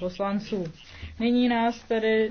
poslanců. Nyní nás tedy